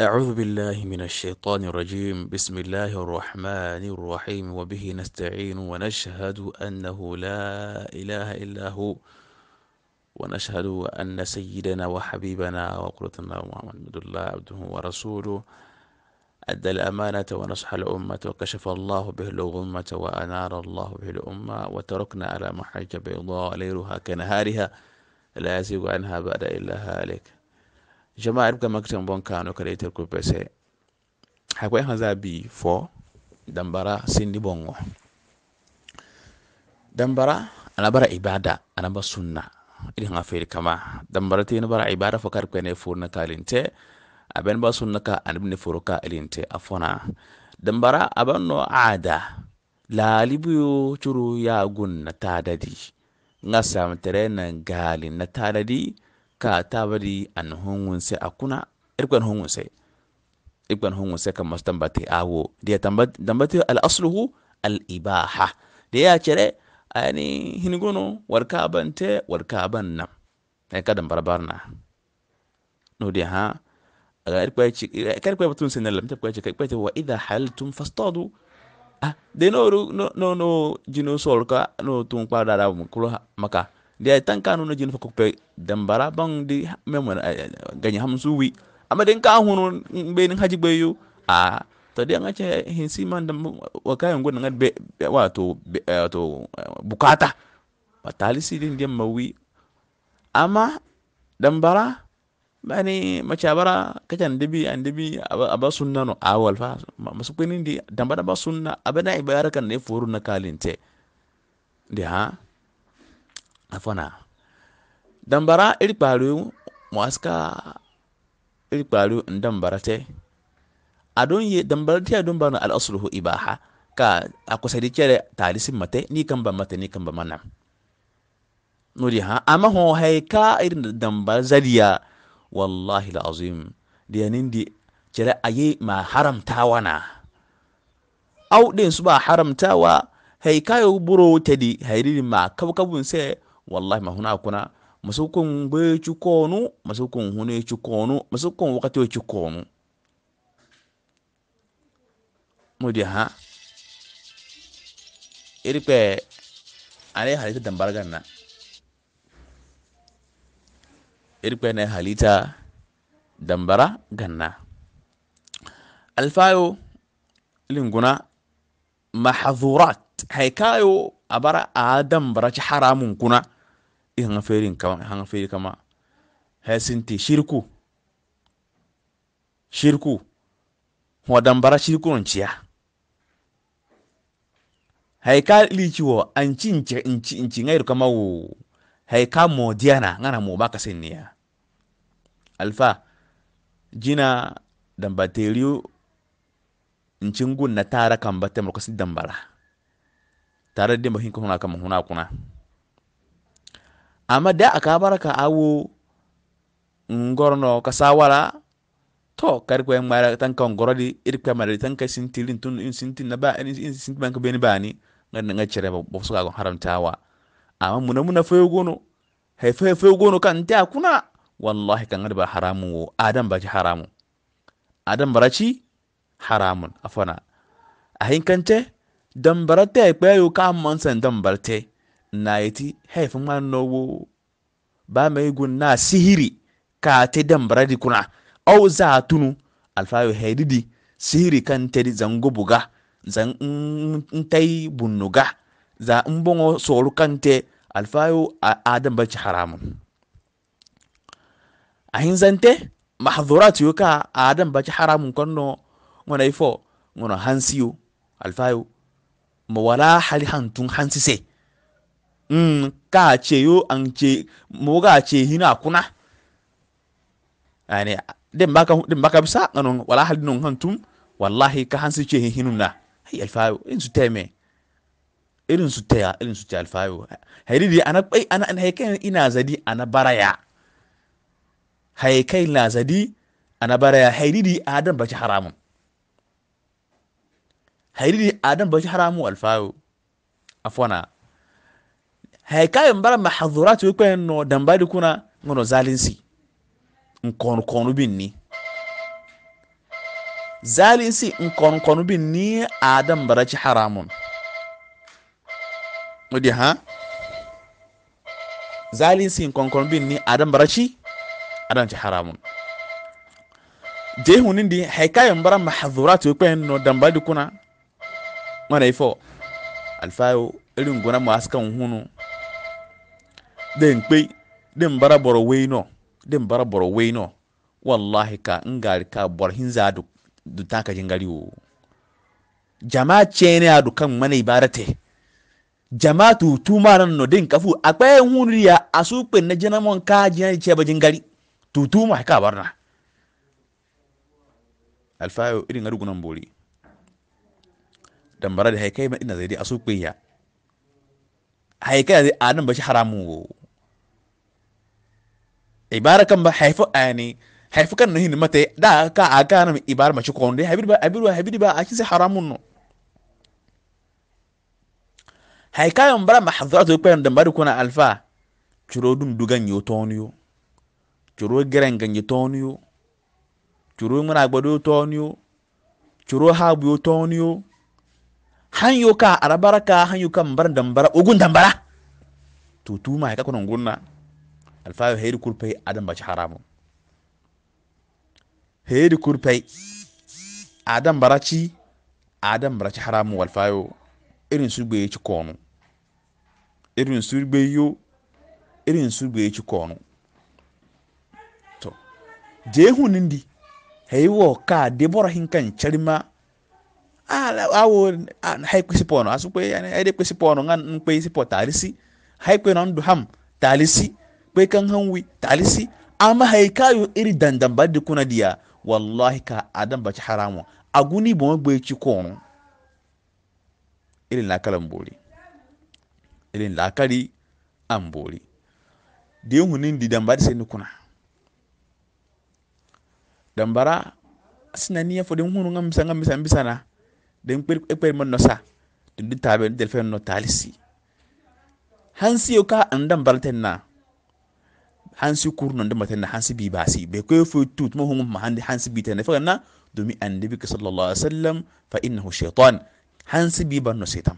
أعوذ بالله من الشيطان الرجيم بسم الله الرحمن الرحيم وبه نستعين ونشهد أنه لا إله إلا هو ونشهد أن سيدنا وحبيبنا وقرتنا محمد الله عبده ورسوله أدى الأمانة ونصح الأمة وكشف الله به الغمة وأنار الله به الأمة وتركنا على محاجة بيضاء ليلها كنهارها لا يزيغ عنها بعد إلا هالك jama'ar ga makitan bonkano kada ita ko pese hakwe hanza bi fo dambara sindi bongo dambara anabara ibada anaba sunna ili hanga feri kama dambara tini bara ibada fo kar kwene furna kalinte aben ba sunna ka anibne furuka ilinte afona dambara abanno ada lalibuyo churu ya gun na tadadi nga samtere na gali na tadadi ka tabari an hongunse akuna irkwan hongunse irkwan hongunse kan mas tambate awo dia tambate al asluhu al ibaha dia chere ani hingono warkaban te warkaban nam ay kadam barbarna no dia ha aga irkwa batun sinal lam tabkwa chi irkwa wa idha haltum fastadu ah de no no no jino solka no tun kwa dara maka de ay tan na jin fo dambara bang di memon eh, eh, ganya hamzuwi amma den ka hunu be nin haji beyu a ah, to de ngache hinsi man dam wakayo ngon ngat be wato wato eh, bukata batali si din dem mawi amma dambara bani macabara kacan debi an debi aba sunna no awal fa masu kwenindi dambara ba sunna abana ibara ne furu na kalinte de ha afɔna dambara iri kpaaru moaska iri kpaaru n dambarate adon ye dambarate adon bana al asluhu ibaha ka a kosadi talisi mate ni kamba mate ni kamba mana nuri ha ama ho hay ka iri dambar zaliya wallahi alazim diyanin di kere aye ma haramtawa na au din su ba haramtawa hay kayo buro tadi hayri ma kabkabun sai wallahi ma huna kuna masukun kun gbe ci konu masukun hune ci konu masukun kun wakati ci konu mudi ha irpe ale halita dambargan na irpe ne halita dambara ganna alfayo linguna mahadhurat haikayo abara a dambara ci haramun kuna i hanga feri kama hanga feri kama hesinti shirku shirku wa dambara shirku nciya hay ka ci wo ci in ci ngairu kama wo hay ka mo diana ngana mo baka senniya alfa jina dambateriu ncingun na tara kamba kasi dambara tara hin ko huna kama huna kuna amma de akabara ka awo ngorono kasawala to kari kwe ngmara tan ka ngorodi ir kwe mara tan ka sintilin tun in sintin na ba in sintin ban ka beni bani ngan ngan chere bo so ga haram tawa amma muna muna fayo gono hay fayo fayo gono kan ta kuna wallahi kan ba haramu adam ba ji haramu adam barachi haramun afana ahin kante dambarate kwe ka monsen dambarate na iti hef man nowo ba mai gun na sihiri ka te dan bradi kuna au za tunu alfayo hedidi sihiri kan di zango buga zan ntai bunnuga za in bongo soru kante alfayo adam bace haramun ahin zante mahdhurat yo ka adam bace haramun konno ngona ifo ngona hansiyo alfayo mo wala hali hantun hansise Mm, ka ce yo an ce mo ga ce hina kuna yani den baka den baka bisa anon wala hal non hantum wallahi ka hansi ce hinuna hay alfayo in su teme irin su taya irin su taya alfayo hayridi ana bai ana an haikai ina zadi ana baraya haikai na zadi ana baraya hayridi adam baci haramun hayridi adam baci haramun alfayo afwana haikaye mbara mahadhurati wikwe no dambali kuna ngono zalinsi nkonu konu ni zalinsi nkonu konu ni adam ci haramun odi ha zalinsi nkonu konu ni adam ci adam ci haramun jehu nindi haikaye mbara mahadhurati wikwe no dambali kuna ngona ifo alfayo irin gona masu kan hunu Den nkpe den bara boro wei no de bara boro wei no wallahi ka ngari ka bor hinza du du ka jingari wo jama'a chene adu kan mana ibarate jama'a tu tuma nan no din kafu akwai hunriya asu pe na janamon ka jina che ba jingari tu ma ka barna alfayo irin arugu nan bori bara da haikai ina zai dai asu pe ya haikai a nan ba shi haramu wo ibara kamba haifo ani haifo kan nahin mate da ka agana mi ibara ma chukonde habiriba habiriba habiriba achinse haramuno haikayo mbara mahdhuratu kwen dambari kuna alfa churo dum dugan yotonyo churo gerengan yotonyo churo ngana gbado yotonyo churo habu yotonyo hanyo ka arabara ka hanyo ka mbara dambara ogun dambara tutuma haika kuna ngunna alfayo heyri kurpey adan baci haramu heyri kurpey adan baraci adan baraci haramu walfayo irin surgbe yeci konu irin surgbe yo irin surgbe yeci konu to jehu nindi heywo ka debora hinkan carima awo hay kwesi pono asu kwe ade kwesi pono ngan kwe si po talisi hay kwe non du ham talisi kwe kan hanwi talisi amma hay kayo iri dandan badde kuna dia wallahi ka adam bachi haramu aguni bon gbe ci kono irin lakalan bori irin lakari an bori de hunin di dambari sai nukuna dambara suna niya fo de hunu ngam bisa ngam bisa na den kper kper man nosa de tabe den fe no talisi hansi yo ka andam baltenna hansi kurnan da matan hansi bi basi be ko fu tut mo hum mahandi hansi bi tan fa na domi annabi sallallahu alaihi wasallam fa innahu shaytan hansi bi banno shaytan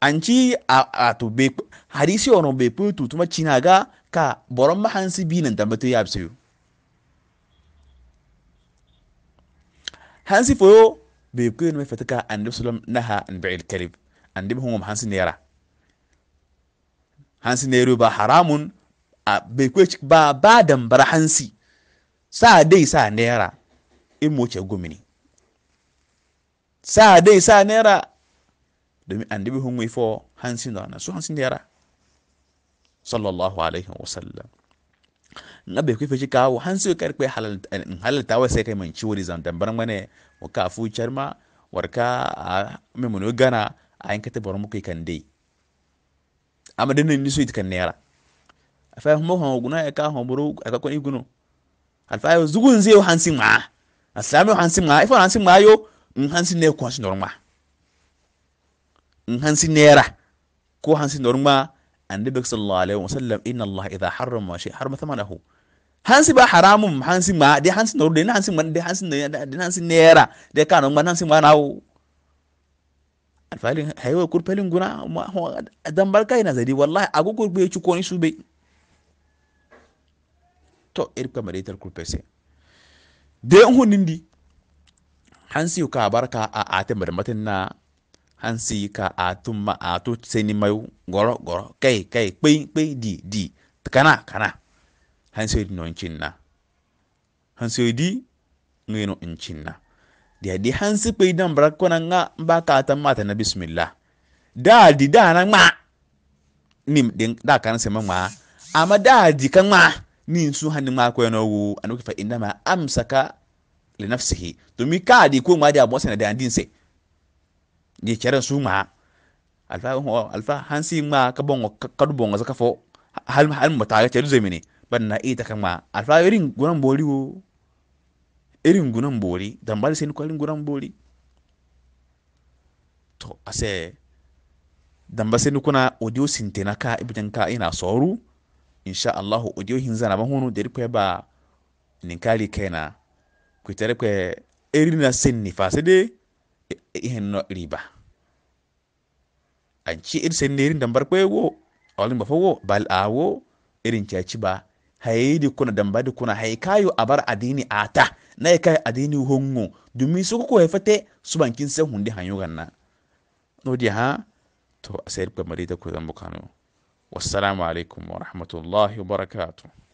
anci a to be hadisi ono be pu tut ma chinaga ka borom ma hansi bi nan tambato ya bisayo hansi foyo be ko ne fataka annabi sallallahu alaihi wasallam naha an ba'il kalib annabi hum hansi ne hansi na ba haramun a bai ba ba dambar hansi sa dai sa naira in moce gumini sa dai sa naira domin an dibi hun fo hansi na na su hansi naira sallallahu alaihi wa sallam na bai kufe ci kawo hansi ka karfe eh, halalta wa sai kai manci wuri zan dambar mane wa kafu charma warka a memunogana gana a yankata bar muku kan dai ama dhananisoidka neera afahumo hanguna eka homburu ekakon iguno alfayo zugunzi yo hansi ŋmaa aslami yo hansi ŋmaa ifon hansi ŋmaa yo nhansi ne ko hansi norŋmaa nhansi neera ko hansi norŋmaa andebek sallallahu alaihi wasallam inna allah idha harrama shay harrama thamanahu hansi ba haramum hansi ŋmaa de hansi noru de hansi ŋmaa de hansi de hansi neera de ka norŋmaa hansi ŋmaa nawo alfalin haiwa kurpelin guna dan barka ina zadi wallahi agu kurbe ci koni sube to irka maritar kurpese de hunin di hansi ka barka a ate marmatin na hansi ka atun ma atu seni mayu goro goro kai kai kpai kpai di di kana kana hansi di no na hansi di ngino incin na dia di hansi pe idan bara kona nga ba ka ta mata na bismillah da di da na ngma ni da kan se ma ngma ama da di kan ngma ni su hanin ma ko yana wu anu fa inda ma amsaka li nafsihi to mi ka di ko ngma di abo se da din se ni kere su ma alfa oh, alfa hansi ma ka bongo ka du bongo zaka fo hal hal mutaya ke du zemini banna ita kan ma alfa irin gonan boliwo eringunan mbori dambali seni ko eringunan bori to ase damba seni kuna audio sintena ka ibitan ka ina soru insha Allah audio hinza na bahunu deri ko ba ninkali kena kuitare ko erina senni fasede e, ihenno riba anci ir senni erin dambar ko wo awalin bafo wo bal awo irin caci ba di kuna dambadi kuna haikayo abar adini ata na ya kai adini hongo domin su kuka ya fate su bankin sai hunde hanyo ganna no dia ha to sai ku mari ta ku zamba kano wassalamu alaikum wa rahmatullahi